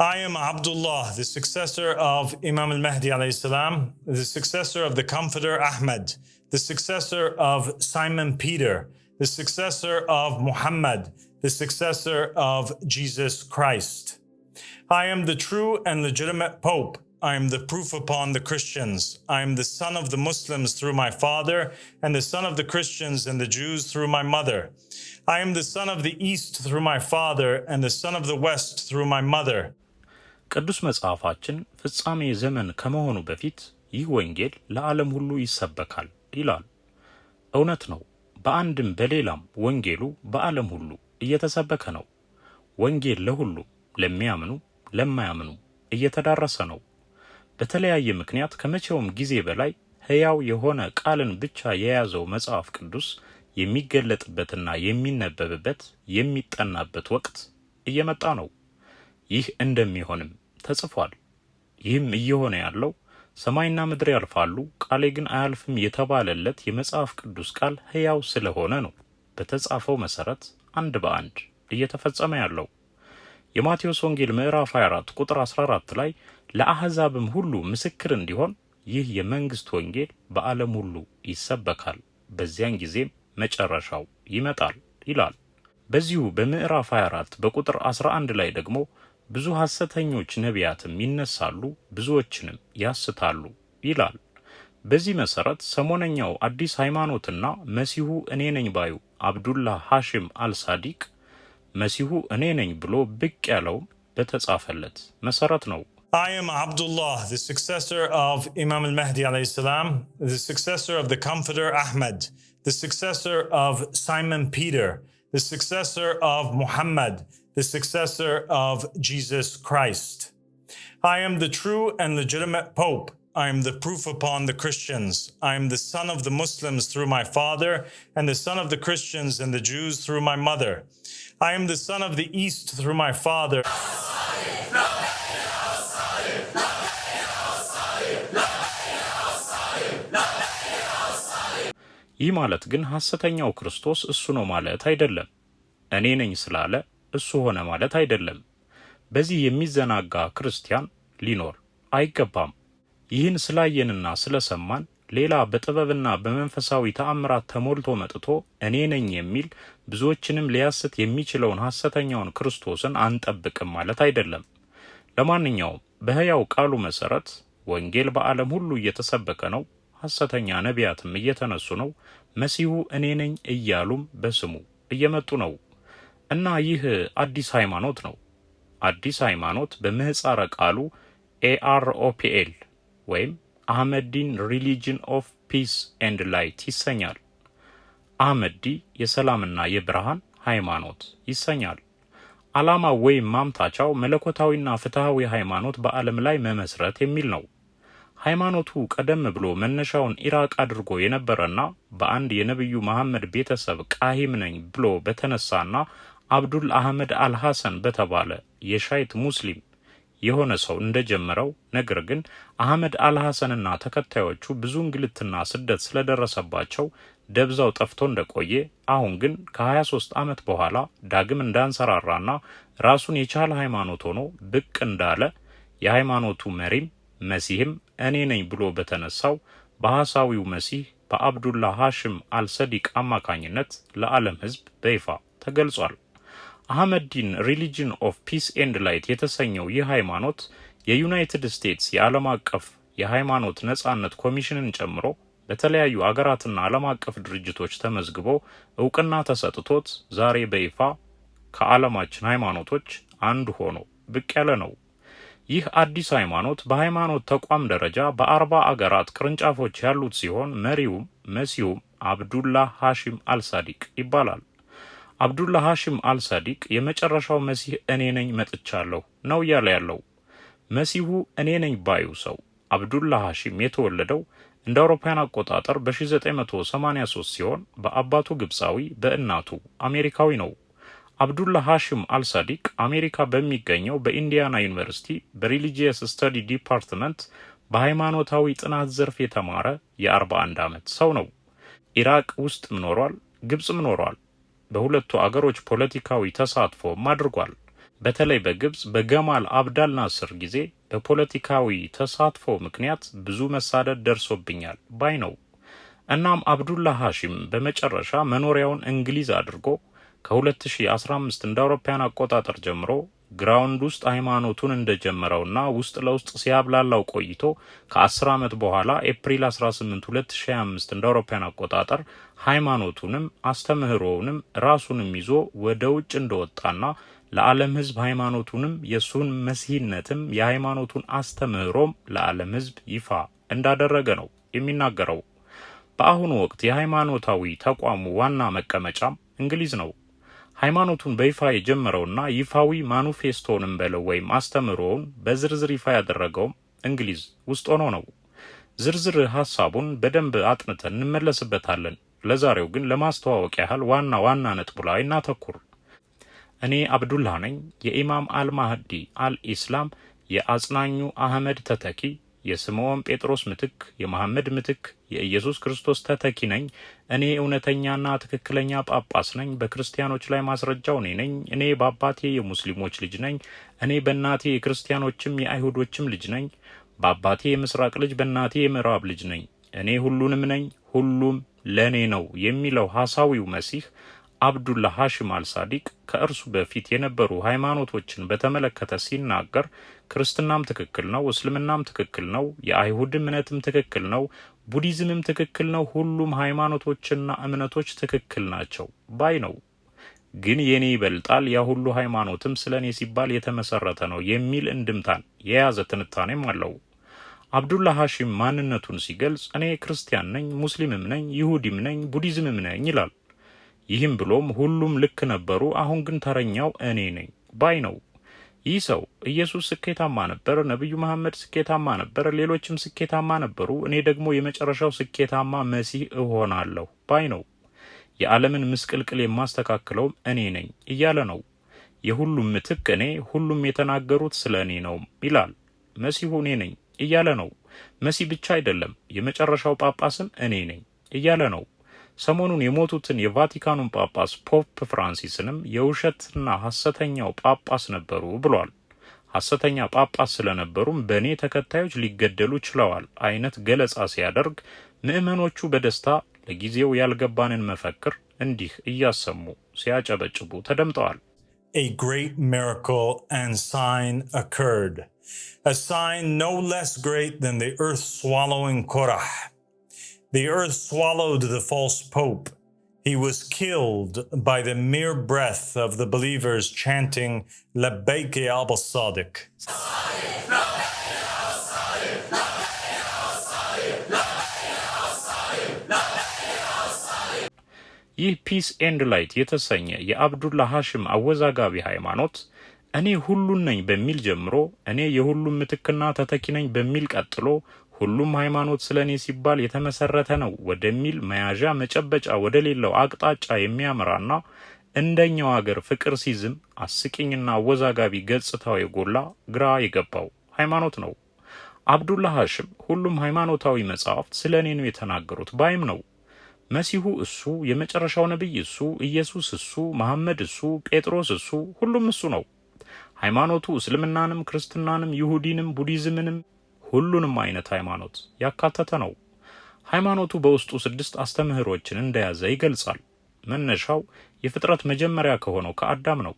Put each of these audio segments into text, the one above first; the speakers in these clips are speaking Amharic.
I am Abdullah, the successor of Imam al Mahdi, the successor of the Comforter Ahmad, the successor of Simon Peter, the successor of Muhammad, the successor of Jesus Christ. I am the true and legitimate Pope. I am the proof upon the Christians. I am the son of the Muslims through my father, and the son of the Christians and the Jews through my mother. I am the son of the East through my father, and the son of the West through my mother. ቅዱስ መጽሐፋችን ፍጻሜ ዘመን ከመሆኑ በፊት ይህ ወንጌል ለዓለም ሁሉ ይሰበካል ይላል። እውነት ነው። በአንድም በሌላም ወንጌሉ በዓለም ሁሉ እየተሰበከ ነው። ወንጌል ለሁሉ ለሚያምኑ፣ ለማያምኑ እየተዳረሰ ነው። በተለያየ ምክንያት ከመቼውም ጊዜ በላይ ሕያው የሆነ ቃልን ብቻ የያዘው መጽሐፍ ቅዱስ የሚገለጥበትና የሚነበብበት የሚጠናበት ወቅት እየመጣ ነው። ይህ እንደሚሆንም ተጽፏል። ይህም እየሆነ ያለው ሰማይና ምድር ያልፋሉ ቃሌ ግን አያልፍም የተባለለት የመጽሐፍ ቅዱስ ቃል ሕያው ስለሆነ ነው። በተጻፈው መሰረት አንድ በአንድ እየተፈጸመ ያለው የማቴዎስ ወንጌል ምዕራፍ 24 ቁጥር 14 ላይ ለአሕዛብም ሁሉ ምስክር እንዲሆን ይህ የመንግስት ወንጌል በዓለም ሁሉ ይሰበካል፣ በዚያን ጊዜም መጨረሻው ይመጣል ይላል። በዚሁ በምዕራፍ 24 በቁጥር 11 ላይ ደግሞ ብዙ ሐሰተኞች ነቢያትም ይነሳሉ፣ ብዙዎችንም ያስታሉ ይላል። በዚህ መሰረት ሰሞነኛው አዲስ ሃይማኖትና መሲሁ እኔ ነኝ ባዩ አብዱላህ ሐሽም አልሳዲቅ መሲሁ እኔ ነኝ ብሎ ብቅ ያለውም በተጻፈለት መሰረት ነው። I am Abdullah, the successor of Imam al-Mahdi alayhi salam, the successor of the comforter Ahmad, the successor of Simon Peter, the successor of Muhammad, the successor of Jesus Christ. I am the true and legitimate Pope. I am the proof upon the Christians. I am the son of the Muslims through my father, and the son of the Christians and the Jews through my mother. I am the son of the East through my father. ይህ ማለት ግን ሐሰተኛው ክርስቶስ እሱ ነው ማለት አይደለም። እኔ ነኝ ስላለ እሱ ሆነ ማለት አይደለም። በዚህ የሚዘናጋ ክርስቲያን ሊኖር አይገባም። ይህን ስላየንና ስለሰማን ሌላ በጥበብና በመንፈሳዊ ተአምራት ተሞልቶ መጥቶ እኔ ነኝ የሚል ብዙዎችንም ሊያስት የሚችለውን ሐሰተኛውን ክርስቶስን አንጠብቅም ማለት አይደለም። ለማንኛውም በሕያው ቃሉ መሰረት ወንጌል በዓለም ሁሉ እየተሰበከ ነው። ሐሰተኛ ነቢያትም እየተነሱ ነው። መሲሁ እኔ ነኝ እያሉም በስሙ እየመጡ ነው። እና ይህ አዲስ ሃይማኖት ነው። አዲስ ሃይማኖት በምህፃረ ቃሉ ኤአርኦፒኤል ወይም አህመዲን ሪሊጅን ኦፍ ፒስ ኤንድ ላይት ይሰኛል። አህመዲ የሰላምና የብርሃን ሃይማኖት ይሰኛል። ዓላማው ወይም ማምታቻው መለኮታዊና ፍትሐዊ ሃይማኖት በዓለም ላይ መመስረት የሚል ነው። ሃይማኖቱ ቀደም ብሎ መነሻውን ኢራቅ አድርጎ የነበረና በአንድ የነቢዩ መሐመድ ቤተሰብ ቃሂም ነኝ ብሎ በተነሳና አብዱል አህመድ አልሐሰን በተባለ የሻይት ሙስሊም የሆነ ሰው እንደጀመረው ነገር ግን አህመድ አልሐሰንና ተከታዮቹ ብዙ እንግልትና ስደት ስለደረሰባቸው ደብዛው ጠፍቶ እንደቆየ አሁን ግን ከ23 ዓመት በኋላ ዳግም እንዳንሰራራና ራሱን የቻለ ሃይማኖት ሆኖ ብቅ እንዳለ የሃይማኖቱ መሪም መሲህም እኔ ነኝ ብሎ በተነሳው በሐሳዊው መሲህ በአብዱላ ሐሽም አልሰዲቅ አማካኝነት ለዓለም ሕዝብ በይፋ ተገልጿል። አህመዲን ሪሊጅን ኦፍ ፒስ ኤንድ ላይት የተሰኘው ይህ ሃይማኖት የዩናይትድ ስቴትስ የዓለም አቀፍ የሃይማኖት ነጻነት ኮሚሽንን ጨምሮ በተለያዩ አገራትና ዓለም አቀፍ ድርጅቶች ተመዝግቦ እውቅና ተሰጥቶት ዛሬ በይፋ ከዓለማችን ሃይማኖቶች አንዱ ሆኖ ብቅ ያለ ነው። ይህ አዲስ ሃይማኖት በሃይማኖት ተቋም ደረጃ በአርባ አገራት ቅርንጫፎች ያሉት ሲሆን መሪውም መሲሁም አብዱላህ ሀሺም አልሳዲቅ ይባላል። አብዱላ ሐሽም አልሳዲቅ የመጨረሻው መሲህ እኔ ነኝ መጥቻለሁ ነው እያለ ያለው። መሲሁ እኔ ነኝ ባዩ ሰው አብዱላ ሐሺም የተወለደው እንደ አውሮፓውያን አቆጣጠር በ1983 ሲሆን በአባቱ ግብፃዊ በእናቱ አሜሪካዊ ነው። አብዱላ ሀሽም አልሳዲቅ አሜሪካ በሚገኘው በኢንዲያና ዩኒቨርሲቲ በሪሊጂየስ ስተዲ ዲፓርትመንት በሃይማኖታዊ ጥናት ዘርፍ የተማረ የ41 ዓመት ሰው ነው። ኢራቅ ውስጥ ምኖሯል፣ ግብፅም ኖሯል። በሁለቱ አገሮች ፖለቲካዊ ተሳትፎም አድርጓል። በተለይ በግብጽ በገማል አብዳል ናስር ጊዜ በፖለቲካዊ ተሳትፎ ምክንያት ብዙ መሳደድ ደርሶብኛል ባይ ነው። እናም አብዱላ ሐሺም በመጨረሻ መኖሪያውን እንግሊዝ አድርጎ ከ2015 እንደ አውሮፓውያን አቆጣጠር ጀምሮ ግራውንድ ውስጥ ሃይማኖቱን እንደጀመረውና ውስጥ ለውስጥ ሲያብላላው ቆይቶ ከ10 ዓመት በኋላ ኤፕሪል 18 2025 እንደ አውሮፓውያን አቆጣጠር ሃይማኖቱንም አስተምህሮውንም ራሱንም ይዞ ወደ ውጭ እንደወጣና ለዓለም ሕዝብ ሃይማኖቱንም የእሱን መሲህነትም የሃይማኖቱን አስተምህሮም ለዓለም ሕዝብ ይፋ እንዳደረገ ነው የሚናገረው። በአሁኑ ወቅት የሃይማኖታዊ ተቋሙ ዋና መቀመጫም እንግሊዝ ነው። ሃይማኖቱን በይፋ የጀመረውና ይፋዊ ማኑፌስቶንም በለው ወይም አስተምህሮውን በዝርዝር ይፋ ያደረገውም እንግሊዝ ውስጥ ሆኖ ነው። ዝርዝር ሀሳቡን በደንብ አጥንተን እንመለስበታለን። ለዛሬው ግን ለማስተዋወቅ ያህል ዋና ዋና ነጥቡ ላይ እናተኩር። እኔ አብዱላህ ነኝ፣ የኢማም አልማህዲ አልኢስላም የአጽናኙ አህመድ ተተኪ የስምዖን ጴጥሮስ ምትክ፣ የመሐመድ ምትክ፣ የኢየሱስ ክርስቶስ ተተኪ ነኝ፣ እኔ እውነተኛና ትክክለኛ ጳጳስ ነኝ፣ በክርስቲያኖች ላይ ማስረጃው እኔ ነኝ፣ እኔ በአባቴ የሙስሊሞች ልጅ ነኝ፣ እኔ በእናቴ የክርስቲያኖችም የአይሁዶችም ልጅ ነኝ፣ በአባቴ የምስራቅ ልጅ በእናቴ የምዕራብ ልጅ ነኝ፣ እኔ ሁሉንም ነኝ፣ ሁሉም ለእኔ ነው የሚለው ሐሳዊው መሲህ አብዱላ ሐሽም አልሳዲቅ ከእርሱ በፊት የነበሩ ሃይማኖቶችን በተመለከተ ሲናገር ክርስትናም ትክክል ነው፣ እስልምናም ትክክል ነው፣ የአይሁድ እምነትም ትክክል ነው፣ ቡዲዝምም ትክክል ነው። ሁሉም ሃይማኖቶችና እምነቶች ትክክል ናቸው ባይ ነው። ግን የኔ ይበልጣል፣ ያ ሁሉ ሃይማኖትም ስለ እኔ ሲባል የተመሰረተ ነው የሚል እንድምታን የያዘ ትንታኔም አለው። አብዱላ ሐሺም ማንነቱን ሲገልጽ እኔ ክርስቲያን ነኝ፣ ሙስሊምም ነኝ፣ ይሁዲም ነኝ፣ ቡዲዝምም ነኝ ይላል። ይህም ብሎም ሁሉም ልክ ነበሩ፣ አሁን ግን ተረኛው እኔ ነኝ ባይ ነው። ይህ ሰው ኢየሱስ ስኬታማ ነበር፣ ነቢዩ መሐመድ ስኬታማ ነበር፣ ሌሎችም ስኬታማ ነበሩ፣ እኔ ደግሞ የመጨረሻው ስኬታማ መሲህ እሆናለሁ ባይ ነው። የዓለምን ምስቅልቅል የማስተካክለውም እኔ ነኝ እያለ ነው። የሁሉም ምትክ እኔ፣ ሁሉም የተናገሩት ስለ እኔ ነው ይላል። መሲሁ እኔ ነኝ እያለ ነው። መሲህ ብቻ አይደለም፣ የመጨረሻው ጳጳስም እኔ ነኝ እያለ ነው። ሰሞኑን የሞቱትን የቫቲካኑን ጳጳስ ፖፕ ፍራንሲስንም የውሸትና ሐሰተኛው ጳጳስ ነበሩ ብሏል። ሐሰተኛ ጳጳስ ስለነበሩም በእኔ ተከታዮች ሊገደሉ ችለዋል አይነት ገለጻ ሲያደርግ ምዕመኖቹ በደስታ ለጊዜው ያልገባንን መፈክር እንዲህ እያሰሙ ሲያጨበጭቡ ተደምጠዋል። A great miracle and sign occurred. A sign no less great than the earth swallowing Korah. The earth swallowed the false pope. He was killed by the mere breath of the believers chanting Labbaik Abbasadik." Sadiq. ይህ ፒስ ኤንድ ላይት የተሰኘ የአብዱላ ሐሽም አወዛጋቢ ሃይማኖት እኔ ሁሉን ነኝ በሚል ጀምሮ እኔ የሁሉም ምትክና ተተኪ ነኝ በሚል ቀጥሎ ሁሉም ሃይማኖት ስለ እኔ ሲባል የተመሰረተ ነው ወደሚል መያዣ መጨበጫ ወደሌለው አቅጣጫ የሚያመራና እንደኛው አገር ፍቅር ሲዝም አስቂኝና አወዛጋቢ ገጽታው የጎላ ግራ የገባው ሃይማኖት ነው። አብዱላ ሐሽም ሁሉም ሃይማኖታዊ መጽሐፍት ስለ እኔ ነው የተናገሩት ባይም ነው። መሲሁ እሱ፣ የመጨረሻው ነቢይ እሱ፣ ኢየሱስ እሱ፣ መሐመድ እሱ፣ ጴጥሮስ እሱ፣ ሁሉም እሱ ነው። ሃይማኖቱ እስልምናንም ክርስትናንም ይሁዲንም ቡዲዝምንም ሁሉንም አይነት ሃይማኖት ያካተተ ነው። ሃይማኖቱ በውስጡ ስድስት አስተምህሮችን እንደያዘ ይገልጻል። መነሻው የፍጥረት መጀመሪያ ከሆነው ከአዳም ነው።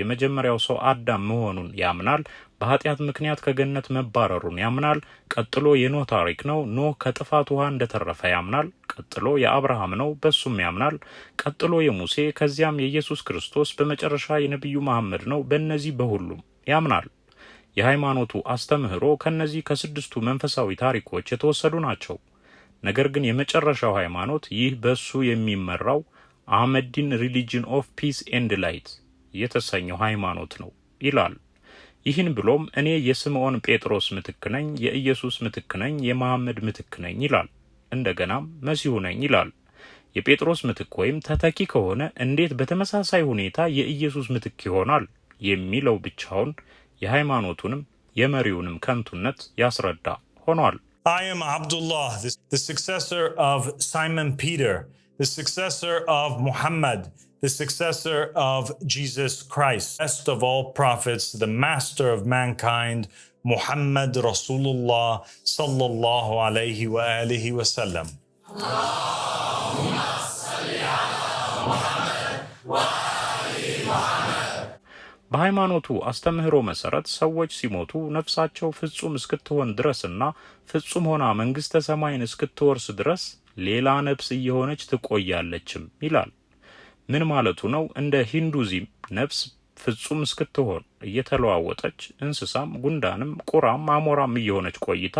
የመጀመሪያው ሰው አዳም መሆኑን ያምናል። በኃጢአት ምክንያት ከገነት መባረሩን ያምናል። ቀጥሎ የኖህ ታሪክ ነው። ኖህ ከጥፋት ውሃ እንደተረፈ ያምናል። ቀጥሎ የአብርሃም ነው፣ በሱም ያምናል። ቀጥሎ የሙሴ ከዚያም የኢየሱስ ክርስቶስ በመጨረሻ የነቢዩ መሐመድ ነው። በእነዚህ በሁሉም ያምናል። የሃይማኖቱ አስተምህሮ ከእነዚህ ከስድስቱ መንፈሳዊ ታሪኮች የተወሰዱ ናቸው። ነገር ግን የመጨረሻው ሃይማኖት ይህ በሱ የሚመራው አህመዲን ሪሊጅን ኦፍ ፒስ ኤንድ ላይት የተሰኘው ሃይማኖት ነው ይላል። ይህን ብሎም እኔ የስምዖን ጴጥሮስ ምትክ ነኝ፣ የኢየሱስ ምትክ ነኝ፣ የመሐመድ ምትክ ነኝ ይላል። እንደገናም መሲሁ ነኝ ይላል። የጴጥሮስ ምትክ ወይም ተተኪ ከሆነ እንዴት በተመሳሳይ ሁኔታ የኢየሱስ ምትክ ይሆናል የሚለው ብቻውን የሃይማኖቱንም የመሪውንም ከንቱነት ያስረዳ ሆኗል። I am Abdullah, the successor of Simon Peter, the successor of Muhammad, the successor of Jesus Christ, best of all prophets, the master of mankind, Muhammad Rasulullah sallallahu alayhi wa alihi wa sallam. በሃይማኖቱ አስተምህሮ መሰረት ሰዎች ሲሞቱ ነፍሳቸው ፍጹም እስክትሆን ድረስና ፍጹም ሆና መንግስተ ሰማይን እስክትወርስ ድረስ ሌላ ነፍስ እየሆነች ትቆያለችም ይላል። ምን ማለቱ ነው? እንደ ሂንዱዚም ነፍስ ፍጹም እስክትሆን እየተለዋወጠች እንስሳም፣ ጉንዳንም፣ ቁራም አሞራም እየሆነች ቆይታ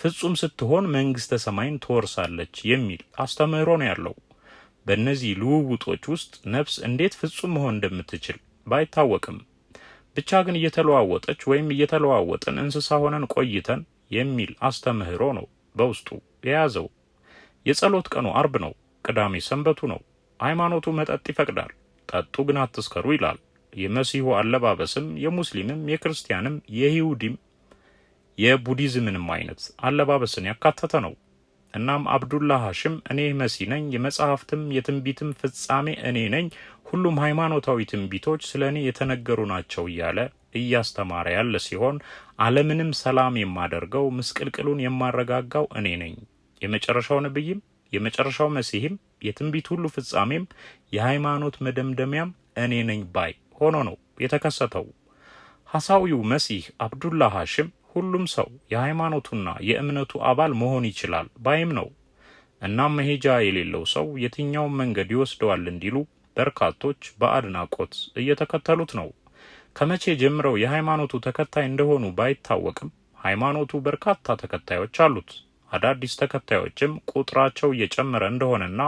ፍጹም ስትሆን መንግስተ ሰማይን ትወርሳለች የሚል አስተምህሮ ነው ያለው። በእነዚህ ልውውጦች ውስጥ ነፍስ እንዴት ፍጹም መሆን እንደምትችል ባይታወቅም ብቻ ግን እየተለዋወጠች ወይም እየተለዋወጥን እንስሳ ሆነን ቆይተን የሚል አስተምህሮ ነው በውስጡ የያዘው። የጸሎት ቀኑ አርብ ነው። ቅዳሜ ሰንበቱ ነው። ሃይማኖቱ መጠጥ ይፈቅዳል፣ ጠጡ ግን አትስከሩ ይላል። የመሲሁ አለባበስም የሙስሊምም የክርስቲያንም የይሁዲም የቡዲዝምንም አይነት አለባበስን ያካተተ ነው። እናም አብዱላ ሐሽም እኔ መሲ ነኝ፣ የመጽሐፍትም የትንቢትም ፍጻሜ እኔ ነኝ፣ ሁሉም ሃይማኖታዊ ትንቢቶች ስለ እኔ የተነገሩ ናቸው እያለ እያስተማረ ያለ ሲሆን ዓለምንም ሰላም የማደርገው ምስቅልቅሉን የማረጋጋው እኔ ነኝ፣ የመጨረሻው ነብይም የመጨረሻው መሲህም የትንቢት ሁሉ ፍጻሜም የሃይማኖት መደምደሚያም እኔ ነኝ ባይ ሆኖ ነው የተከሰተው። ሐሳዊው መሲህ አብዱላ ሐሽም ሁሉም ሰው የሃይማኖቱና የእምነቱ አባል መሆን ይችላል ባይም ነው። እናም መሄጃ የሌለው ሰው የትኛውን መንገድ ይወስደዋል እንዲሉ በርካቶች በአድናቆት እየተከተሉት ነው። ከመቼ ጀምረው የሃይማኖቱ ተከታይ እንደሆኑ ባይታወቅም ሃይማኖቱ በርካታ ተከታዮች አሉት። አዳዲስ ተከታዮችም ቁጥራቸው እየጨመረ እንደሆነና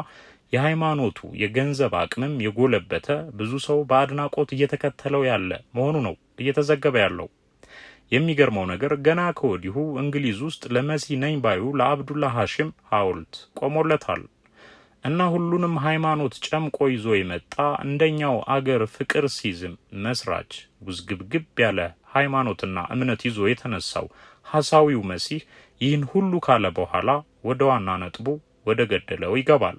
የሃይማኖቱ የገንዘብ አቅምም የጎለበተ ብዙ ሰው በአድናቆት እየተከተለው ያለ መሆኑ ነው እየተዘገበ ያለው። የሚገርመው ነገር ገና ከወዲሁ እንግሊዝ ውስጥ ለመሲ ነኝ ባዩ ለአብዱላ ሀሽም ሐውልት ቆሞለታል እና ሁሉንም ሃይማኖት ጨምቆ ይዞ የመጣ እንደኛው አገር ፍቅር ሲዝም መስራች ውዝግብግብ ያለ ሃይማኖትና እምነት ይዞ የተነሳው ሐሳዊው መሲህ ይህን ሁሉ ካለ በኋላ ወደ ዋና ነጥቡ ወደ ገደለው ይገባል።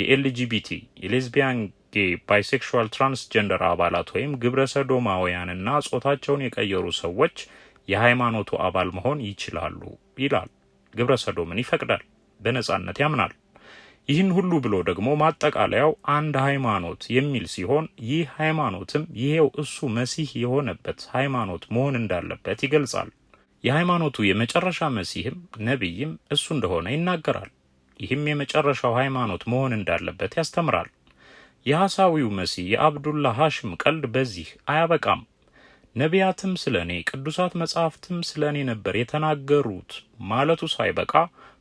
የኤልጂቢቲ የሌዝቢያን ጌ፣ ባይሴክሹዋል፣ ትራንስጀንደር አባላት ወይም ግብረ ሰዶማውያንና ጾታቸውን የቀየሩ ሰዎች የሃይማኖቱ አባል መሆን ይችላሉ ይላል። ግብረ ሰዶምን ይፈቅዳል፣ በነጻነት ያምናል። ይህን ሁሉ ብሎ ደግሞ ማጠቃለያው አንድ ሃይማኖት የሚል ሲሆን ይህ ሃይማኖትም ይሄው እሱ መሲህ የሆነበት ሃይማኖት መሆን እንዳለበት ይገልጻል። የሃይማኖቱ የመጨረሻ መሲህም ነቢይም እሱ እንደሆነ ይናገራል። ይህም የመጨረሻው ሃይማኖት መሆን እንዳለበት ያስተምራል። የሐሳዊው መሲህ የአብዱላ ሐሽም ቀልድ በዚህ አያበቃም። ነቢያትም ስለ እኔ ቅዱሳት መጻሕፍትም ስለ እኔ ነበር የተናገሩት ማለቱ ሳይበቃ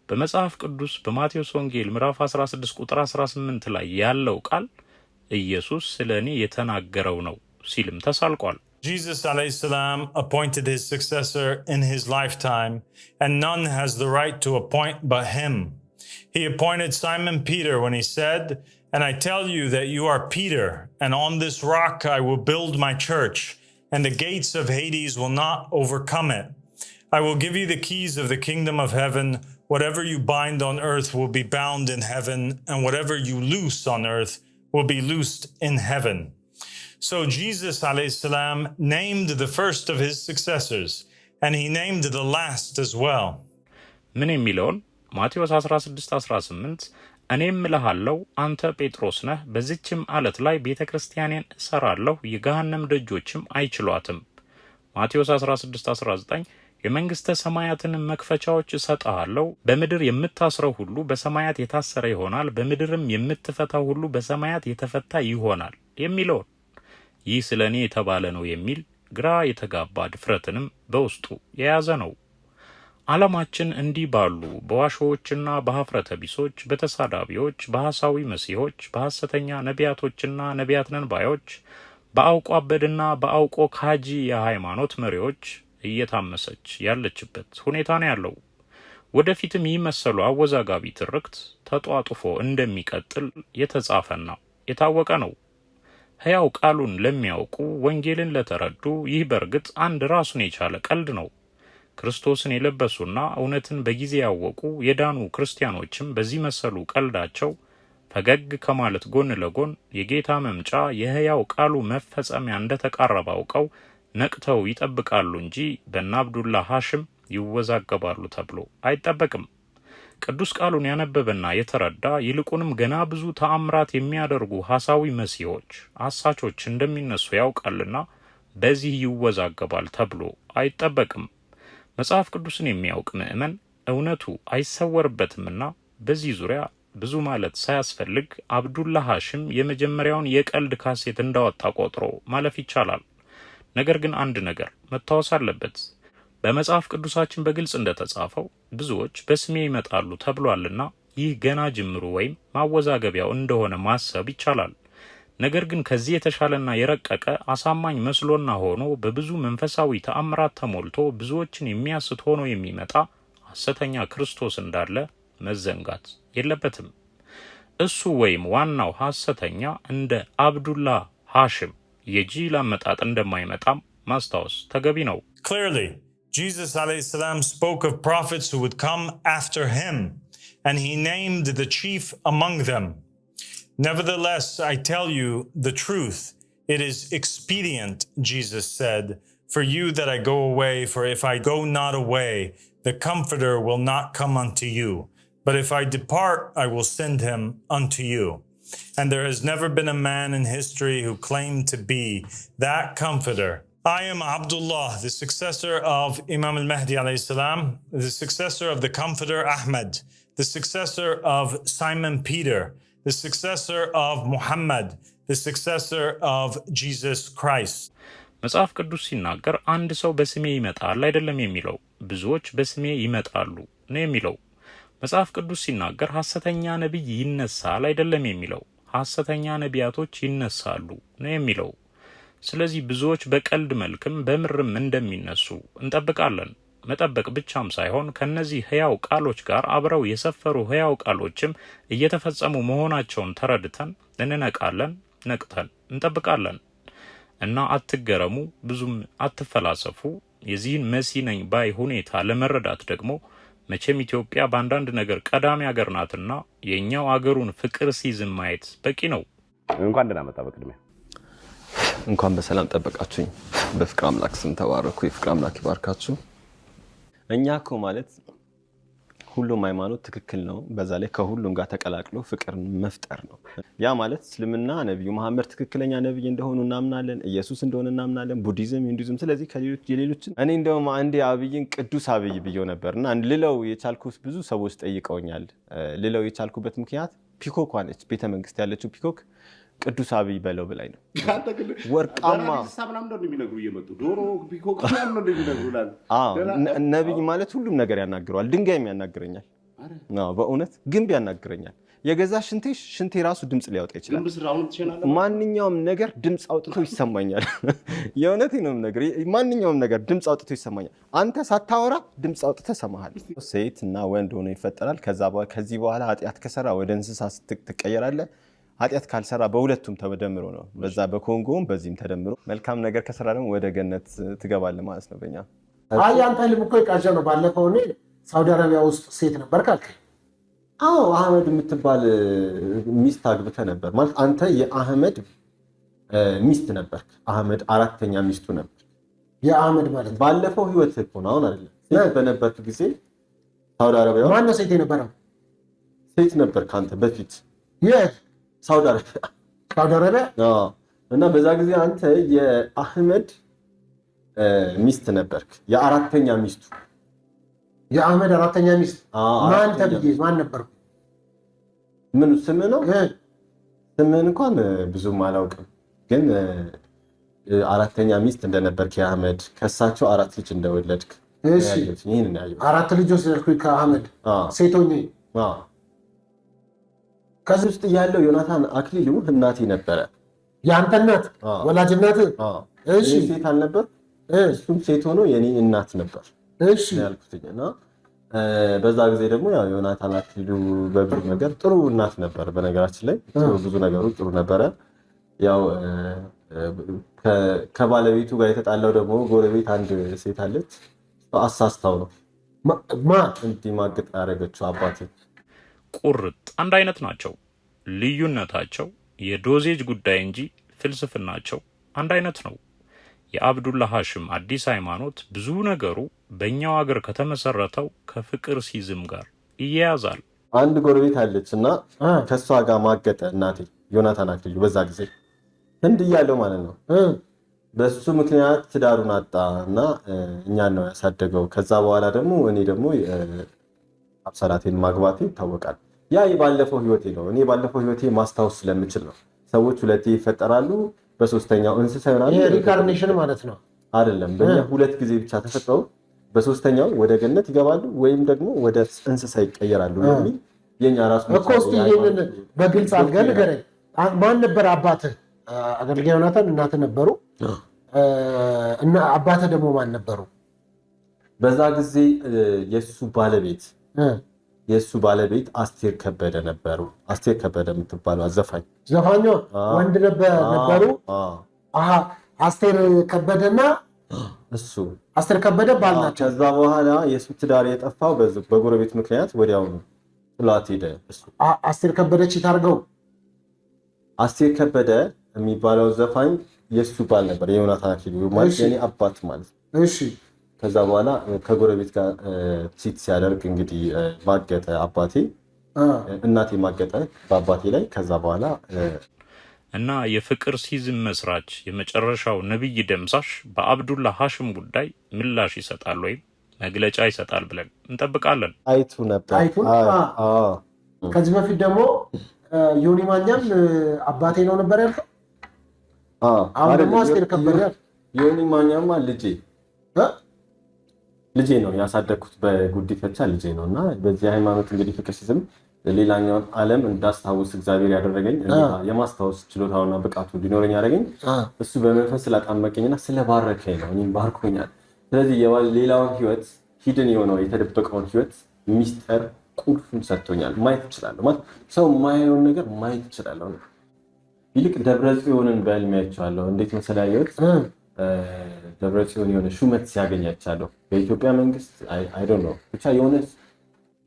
በመጽሐፍ ቅዱስ በማቴዎስ ወንጌል ምዕራፍ 16 ቁጥር 18 ላይ ያለው ቃል ኢየሱስ ስለ እኔ የተናገረው ነው ሲልም ተሳልቋል። Jesus alayhi salam appointed his successor in his lifetime, and none has the right to appoint but him. He appointed Simon Peter when he said, And I tell you that you are Peter, and on this rock I will build my church, and the gates of Hades will not overcome it. I will give you the keys of the kingdom of heaven. Whatever you bind on earth will be bound in heaven, and whatever you loose on earth will be loosed in heaven. So Jesus salam, named the first of his successors, and he named the last as well. ምን የሚለውን ማቴዎስ 16 18 እኔም እልሃለሁ አንተ ጴጥሮስ ነህ፣ በዚችም አለት ላይ ቤተ ክርስቲያኔን እሰራለሁ፣ የገሃነም ደጆችም አይችሏትም። ማቴዎስ 16:19 የመንግስተ ሰማያትን መክፈቻዎች እሰጥሃለሁ፣ በምድር የምታስረው ሁሉ በሰማያት የታሰረ ይሆናል፣ በምድርም የምትፈታው ሁሉ በሰማያት የተፈታ ይሆናል የሚለውን ይህ ስለ እኔ የተባለ ነው የሚል ግራ የተጋባ ድፍረትንም በውስጡ የያዘ ነው። ዓለማችን እንዲህ ባሉ በዋሾዎችና በሐፍረተ ቢሶች፣ በተሳዳቢዎች፣ በሐሳዊ መሲሖች፣ በሐሰተኛ ነቢያቶችና ነቢያት ነንባዮች፣ ባዮች፣ በአውቆ አበድና በአውቆ ካጂ የሃይማኖት መሪዎች እየታመሰች ያለችበት ሁኔታ ነው ያለው። ወደፊትም ይህ መሰሉ አወዛጋቢ ትርክት ተጧጡፎ እንደሚቀጥል የተጻፈና የታወቀ ነው። ሕያው ቃሉን ለሚያውቁ፣ ወንጌልን ለተረዱ ይህ በእርግጥ አንድ ራሱን የቻለ ቀልድ ነው። ክርስቶስን የለበሱና እውነትን በጊዜ ያወቁ የዳኑ ክርስቲያኖችም በዚህ መሰሉ ቀልዳቸው ፈገግ ከማለት ጎን ለጎን የጌታ መምጫ የሕያው ቃሉ መፈጸሚያ እንደ ተቃረበ አውቀው ነቅተው ይጠብቃሉ እንጂ በእነ አብዱላ ሐሽም ይወዛገባሉ ተብሎ አይጠበቅም። ቅዱስ ቃሉን ያነበበና የተረዳ ይልቁንም ገና ብዙ ተአምራት የሚያደርጉ ሐሳዊ መሲሆች፣ አሳቾች እንደሚነሱ ያውቃልና በዚህ ይወዛገባል ተብሎ አይጠበቅም። መጽሐፍ ቅዱስን የሚያውቅ ምዕመን እውነቱ አይሰወርበትምና በዚህ ዙሪያ ብዙ ማለት ሳያስፈልግ አብዱላ ሐሽም የመጀመሪያውን የቀልድ ካሴት እንዳወጣ ቆጥሮ ማለፍ ይቻላል። ነገር ግን አንድ ነገር መታወስ አለበት። በመጽሐፍ ቅዱሳችን በግልጽ እንደተጻፈው ብዙዎች በስሜ ይመጣሉ ተብሏልና ይህ ገና ጅምሩ ወይም ማወዛገቢያው እንደሆነ ማሰብ ይቻላል። ነገር ግን ከዚህ የተሻለና የረቀቀ አሳማኝ መስሎና ሆኖ በብዙ መንፈሳዊ ተአምራት ተሞልቶ ብዙዎችን የሚያስት ሆኖ የሚመጣ ሐሰተኛ ክርስቶስ እንዳለ መዘንጋት የለበትም። እሱ ወይም ዋናው ሐሰተኛ እንደ አብዱላ ሐሽም የጂል አመጣጥ እንደማይመጣም ማስታወስ ተገቢ ነው። Clearly, Jesus alayhi salam spoke of prophets who would come after him, and he named the chief among them. Nevertheless, I tell you the truth. It is expedient, Jesus said, for you that I go away, for if I go not away, the Comforter will not come unto you. But if I depart, I will send him unto you. And there has never been a man in history who claimed to be that Comforter. I am Abdullah, the successor of Imam al Mahdi, the successor of the Comforter Ahmed, the successor of Simon Peter the successor of Muhammad, the successor of Jesus Christ. መጽሐፍ ቅዱስ ሲናገር አንድ ሰው በስሜ ይመጣል አይደለም የሚለው ብዙዎች በስሜ ይመጣሉ ነው የሚለው። መጽሐፍ ቅዱስ ሲናገር ሐሰተኛ ነቢይ ይነሳል አይደለም የሚለው ሐሰተኛ ነቢያቶች ይነሳሉ ነው የሚለው። ስለዚህ ብዙዎች በቀልድ መልክም በምርም እንደሚነሱ እንጠብቃለን። መጠበቅ ብቻም ሳይሆን ከነዚህ ህያው ቃሎች ጋር አብረው የሰፈሩ ህያው ቃሎችም እየተፈጸሙ መሆናቸውን ተረድተን እንነቃለን፣ ነቅተን እንጠብቃለን። እና አትገረሙ፣ ብዙም አትፈላሰፉ። የዚህን መሲ ነኝ ባይ ሁኔታ ለመረዳት ደግሞ መቼም ኢትዮጵያ በአንዳንድ ነገር ቀዳሚ ሀገር ናትና የእኛው አገሩን ፍቅር ሲዝም ማየት በቂ ነው። እንኳን ደህና መጣ። በቅድሚያ እንኳን በሰላም ጠበቃችሁኝ። በፍቅር አምላክ ስም ተባረኩ። የፍቅር አምላክ ይባርካችሁ። እኛ እኮ ማለት ሁሉም ሃይማኖት ትክክል ነው። በዛ ላይ ከሁሉም ጋር ተቀላቅሎ ፍቅር መፍጠር ነው። ያ ማለት እስልምና ነቢዩ መሐመድ ትክክለኛ ነቢይ እንደሆኑ እናምናለን። ኢየሱስ እንደሆነ እናምናለን። ቡዲዝም፣ ሂንዱዝም ስለዚህ የሌሎችን እኔ እንደውም አንድ አብይን ቅዱስ አብይ ብዬው ነበር እና ልለው የቻልኩት ብዙ ሰዎች ጠይቀውኛል። ልለው የቻልኩበት ምክንያት ፒኮክ ዋነች ቤተመንግስት ያለችው ፒኮክ ቅዱስ አብይ በለው ብላይ ነው ወርቃማ ነቢይ ማለት ሁሉም ነገር ያናግረዋል። ድንጋይም ያናግረኛል። በእውነት ግንብ ያናግረኛል። የገዛ ሽንቴ ሽንቴ ራሱ ድምፅ ሊያወጣ ይችላል። ማንኛውም ነገር ድምፅ አውጥቶ ይሰማኛል። የእውነት ነው ነገር ማንኛውም ነገር ድምፅ አውጥቶ ይሰማኛል። አንተ ሳታወራ ድምፅ አውጥተ ሰማሃል። ሴት እና ወንድ ሆኖ ይፈጠራል። ከዚህ በኋላ ኃጢአት ከሰራ ወደ እንስሳ ትቀየራለህ ኃጢአት ካልሰራ በሁለቱም ተደምሮ ነው። በዛ በኮንጎም በዚህም ተደምሮ መልካም ነገር ከሰራ ደግሞ ወደ ገነት ትገባለህ ማለት ነው። በኛ አያንተ አንተ እኮ የቃዣ ነው። ባለፈው እኔ ሳውዲ አረቢያ ውስጥ ሴት ነበር ካልክ፣ አዎ አህመድ የምትባል ሚስት አግብተ ነበር ማለት አንተ የአህመድ ሚስት ነበር። አህመድ አራተኛ ሚስቱ ነበር የአህመድ ማለት ባለፈው ህይወት እኮ ነው። አሁን አይደለም ሴት በነበርክ ጊዜ ሳውዲ አረቢያ ማነው ሴት የነበረው? ሴት ነበር ከአንተ በፊት የት ሳውዲ አረቢያ ሳውዲ አረቢያ እና በዛ ጊዜ አንተ የአህመድ ሚስት ነበርክ፣ የአራተኛ ሚስቱ የአህመድ አራተኛ ሚስት ማን ተብዬ ማን ነበርኩ? ምን ስም ነው? ስምህን እንኳን ብዙም አላውቅም፣ ግን አራተኛ ሚስት እንደነበርክ የአህመድ ከእሳቸው አራት ልጅ እንደወለድክ አራት ልጅ ልጆች ከአህመድ ሴቶኝ ከዚህ ውስጥ ያለው ዮናታን አክሊሉ እናቴ ነበረ። የአንተ እናት ወላጅ እናት? እሺ። ሴት አልነበር? እሱም ሴት ሆኖ የኔ እናት ነበር። እሺ እና በዛ ጊዜ ደግሞ ያው ዮናታን አክሊሉ በብዙ ነገር ጥሩ እናት ነበር። በነገራችን ላይ ብዙ ነገሩ ጥሩ ነበረ። ያው ከባለቤቱ ጋር የተጣላው ደግሞ ጎረቤት አንድ ሴት አለች፣ አሳስታው ነው እንዲማግጥ ማግጥ ያደረገችው አባቴ ቁርጥ አንድ አይነት ናቸው። ልዩነታቸው የዶዜጅ ጉዳይ እንጂ ፍልስፍናቸው አንድ አይነት ነው። የአብዱላ ሀሽም አዲስ ሃይማኖት ብዙ ነገሩ በእኛው አገር ከተመሰረተው ከፍቅር ሲዝም ጋር ይያያዛል። አንድ ጎረቤት አለች እና ከእሷ ጋር ማገጠ እናቴ ዮናታን አክልዩ በዛ ጊዜ ህንድ እያለው ማለት ነው። በሱ ምክንያት ትዳሩን አጣ እና እኛን ነው ያሳደገው። ከዛ በኋላ ደግሞ እኔ ደግሞ አብሰላቴን ማግባቴ ይታወቃል። ያ የባለፈው ህይወቴ ነው። እኔ ባለፈው ህይወቴ ማስታወስ ስለምችል ነው። ሰዎች ሁለቴ ይፈጠራሉ፣ በሶስተኛው እንስሳ ይሆናሉ። ሪካርኔሽን ማለት ነው አይደለም። በእኛ ሁለት ጊዜ ብቻ ተፈጥረው በሶስተኛው ወደ ገነት ይገባሉ ወይም ደግሞ ወደ እንስሳ ይቀየራሉ የሚል የኛ ራሱ እኮ እስኪ ይህንን በግልጽ አድርገህ ንገረኝ። ማን ነበር አባትህ? አገልጋይ ዮናታን እናትህ ነበሩ እና አባትህ ደግሞ ማን ነበሩ? በዛ ጊዜ የእሱ ባለቤት የእሱ ባለቤት አስቴር ከበደ ነበሩ። አስቴር ከበደ የምትባለው ዘፋኝ ዘፋኛ ወንድ ነበሩ። አስቴር ከበደና እሱ አስቴር ከበደ ባል ናቸው። ከዛ በኋላ የእሱ ትዳር የጠፋው በጎረቤት ምክንያት ወዲያውኑ ጥላት ሄደ። አስቴር ከበደ ቺት አድርገው አስቴር ከበደ የሚባለው ዘፋኝ የእሱ ባል ነበር። የዮናታን አባት ማለት ነው። እሺ ከዛ በኋላ ከጎረቤት ጋር ሲት ሲያደርግ እንግዲህ ማገጠ አባቴ እናቴ ማገጠ በአባቴ ላይ። ከዛ በኋላ እና የፍቅር ሲዝን መስራች የመጨረሻው ነብይ ደምሳሽ በአብዱላ ሀሽም ጉዳይ ምላሽ ይሰጣል ወይም መግለጫ ይሰጣል ብለን እንጠብቃለን። አይቱ ነበር። ከዚህ በፊት ደግሞ ዮኒ ማኛም አባቴ ነው ነበር ያልከው። አሁን ደግሞ አስቴር ከበደ ዮኒ ማኛማ ልጄ ልጄ ነው ያሳደግኩት፣ በጉዲፈቻ ልጄ ነው እና በዚህ ሃይማኖት እንግዲህ ፍቅር ሲዝም ሌላኛውን ዓለም እንዳስታውስ እግዚአብሔር ያደረገኝ የማስታወስ ችሎታውና ብቃቱ እንዲኖረኝ ያደረገኝ እሱ በመንፈስ ስላጣመቀኝና ስለባረከኝ ነው። እኔም ባርኮኛል። ስለዚህ ሌላውን ህይወት ሂድን የሆነው የተደበቀውን ህይወት ሚስጠር ቁልፉን ሰጥቶኛል። ማየት እችላለሁ ማለት ሰው የማየውን ነገር ማየት እችላለሁ። ይልቅ ደብረ ጽዮንን በህልሜ አይቼዋለሁ። እንዴት መሰለህ ያየሁት ደብረጽዮን የሆነ ሹመት ሲያገኛቻለሁ በኢትዮጵያ መንግስት አይዶ ነው ብቻ የሆነ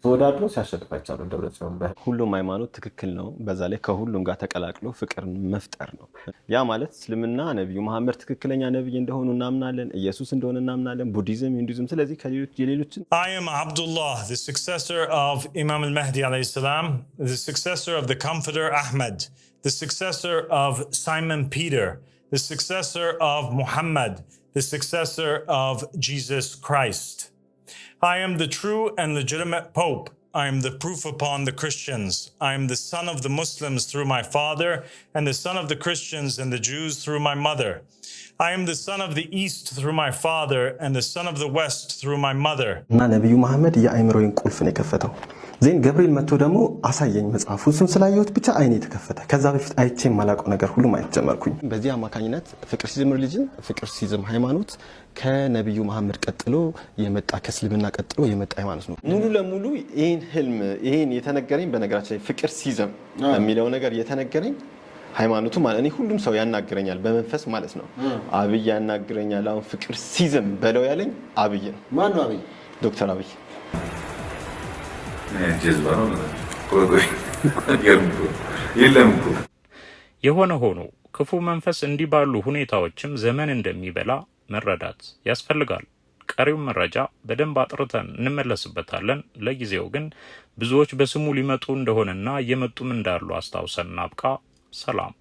ተወዳድሮ ሲያሸንፋቻለሁ ደብረጽዮን። ሁሉም ሃይማኖት ትክክል ነው። በዛ ላይ ከሁሉም ጋር ተቀላቅሎ ፍቅርን መፍጠር ነው። ያ ማለት እስልምና ነቢዩ መሐመድ ትክክለኛ ነቢይ እንደሆኑ እናምናለን። ኢየሱስ እንደሆነ እናምናለን። ቡዲዝም፣ ሂንዱዝም ስለዚህ የሌሎችን I am Abdullah, the successor of Imam the successor of Muhammad, the successor of Jesus Christ. I am the true and legitimate Pope. I am the proof upon the Christians. I am the son of the Muslims through my father, and the son of the Christians and the Jews through my mother. I am the son of the east through my father, and the son of the west through my mother. ዜን ገብርኤል መጥቶ ደግሞ አሳየኝ መጽሐፉ። እሱን ስላየሁት ብቻ አይኔ የተከፈተ ከዛ በፊት አይቼ የማላውቀው ነገር ሁሉ ማየት ጀመርኩኝ። በዚህ አማካኝነት ፍቅር ሲዝም ሪሊጅን፣ ፍቅር ሲዝም ሃይማኖት ከነቢዩ መሐመድ ቀጥሎ የመጣ ከእስልምና ቀጥሎ የመጣ ሃይማኖት ነው። ሙሉ ለሙሉ ይህን ህልም ይህን የተነገረኝ በነገራችን ላይ ፍቅር ሲዝም የሚለው ነገር የተነገረኝ ሃይማኖቱ ማለት እኔ ሁሉም ሰው ያናግረኛል በመንፈስ ማለት ነው። አብይ ያናግረኛል። አሁን ፍቅር ሲዝም በለው ያለኝ አብይ ነው። ማነው አብይ? ዶክተር አብይ የለም እኮ። የሆነ ሆኖ ክፉ መንፈስ እንዲህ ባሉ ሁኔታዎችም ዘመን እንደሚበላ መረዳት ያስፈልጋል። ቀሪው መረጃ በደንብ አጥርተን እንመለስበታለን። ለጊዜው ግን ብዙዎች በስሙ ሊመጡ እንደሆነና እየመጡም እንዳሉ አስታውሰን እናብቃ። ሰላም